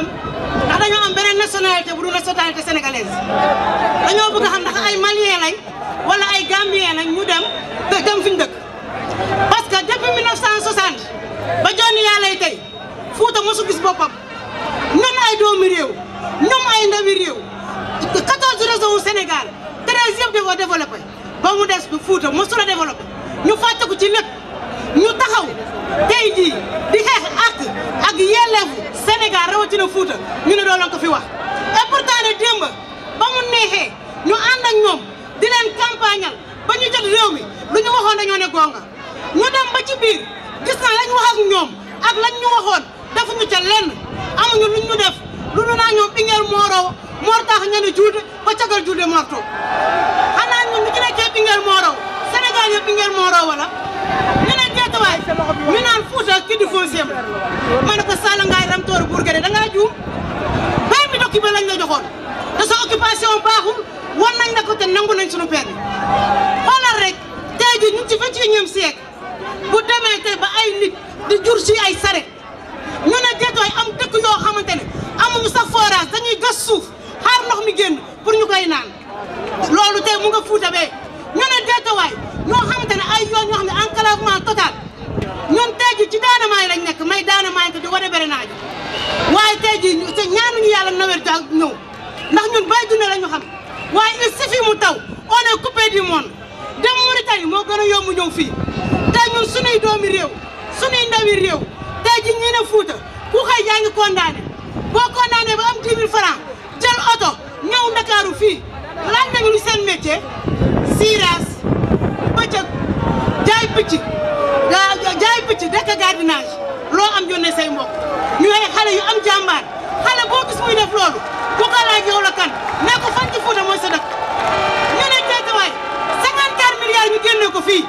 am ndax dañoo am beneen nationalité bu dul nationalité sénégalaise dañoo bëgg a xam ndax ay malien lañ ay gambien lañ ñu dem te dem fi ñu dëkk parce que depuis 1960 ba jonni yàlla yi tey Fuuta mosu gis boppam ñun ay doomi réew ñoom ay ndawi réew 14 régions wu Sénégal 13 yëpp da koo développé ba mu des Fuuta mosu la développé ñu fàtte ko ci lépp ñu taxaw tey jii di xeex ak ak yelleefu Sénégal rawatina Fouta ñu fi wax et pourtant ne démb ba mu neexee ñoom di leen campagnal ba ñu jot lu ñu waxoon dañoo ñu dem ba ci biir gis naa lañ ak ñoom ak lañ ñu waxoon amuñu luñ ñu lu ñu naa ñoom Linguère Morow Mor tax ñu ne juute ba cagal juute Morto xanaa ñun ñu ci nekkee ñu ne jeetuwaay ñu naan Fouta kii di occupé lañ la joxoon te sa occupation baaxul wan nañ la ko te nangu nañ suñu permis xoolal rek tey jii ñu ngi ci vingt-et-unième siècle demee tey ba ay nit di jur si ay saret ñu ne déetooy am dëkk yoo xamante ne amuñu sa forage dañuy gas suuf xaar ndox mi génn pour ñu koy naan loolu tey mu nga fuuta bee ñu ne déetawaay ñoo xamante ne ay yoon yoo xam ne enclavement total ñun tey jii ci waaye tey jii ñaanuñu yàlla nawet daal ñëw ndax ñun bay dundee la xam waaye il suffit mu taw on est coupé du monde dem Mauritanie moo gën a yomb ñëw fii tey ñun suñuy doomi réew suñuy ndawi réew tey jii ñii Fuuta ku xëy yaa ngi condamné boo condamné ba am 10 000 francs oto ñëw Ndakaaru fii laaj nañu lu seen métier siiraas bëccëg jaay picc jaay picc dekk gardiennage loo am yónnee say mbokk xale yu am jàmbaar xale boo gis muy def loolu ku ko laaj kan ne ko fan ci Fuuta mooy sa dëkk ñu ne Géejawaay 54 milliards ñu génne ko fii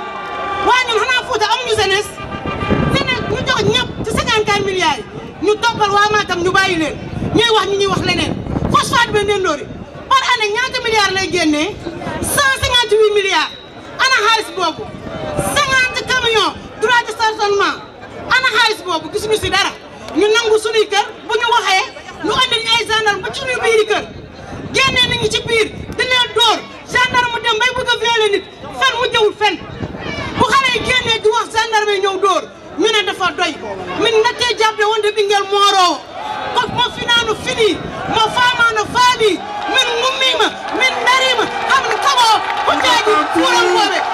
waaye ñun xanaa Fuuta amuñu jeunesse jeunesse ñu jox ñëpp ci 54 milliards ñu toppal waa Matam ñu bàyyi leen ñuy wax ñu ñuy wax leneen phosphate bi Ndendory par année ñaata milliards lay génnee 158 milliards ana xaalis boobu 50 camions droit de stationnement ana xaalis boobu gisuñu si dara. ñu nangu suñuy kër bu ñu waxee ñu andi ñu ay gendarme ba ci suñu kër génnee nañu ci biir di leen door gendarme dem bay bëgg a violer nit fen mu jëwul fen bu xale yi génnee di wax gendarme ñëw door ñu ne dafa doy min nattee jabde wonde ɓinngel mooroowo ko mo finaano finii mo faamaano faali min ngummiima min ndariima hamno kaɓoo ko jaaji fuurankoɓe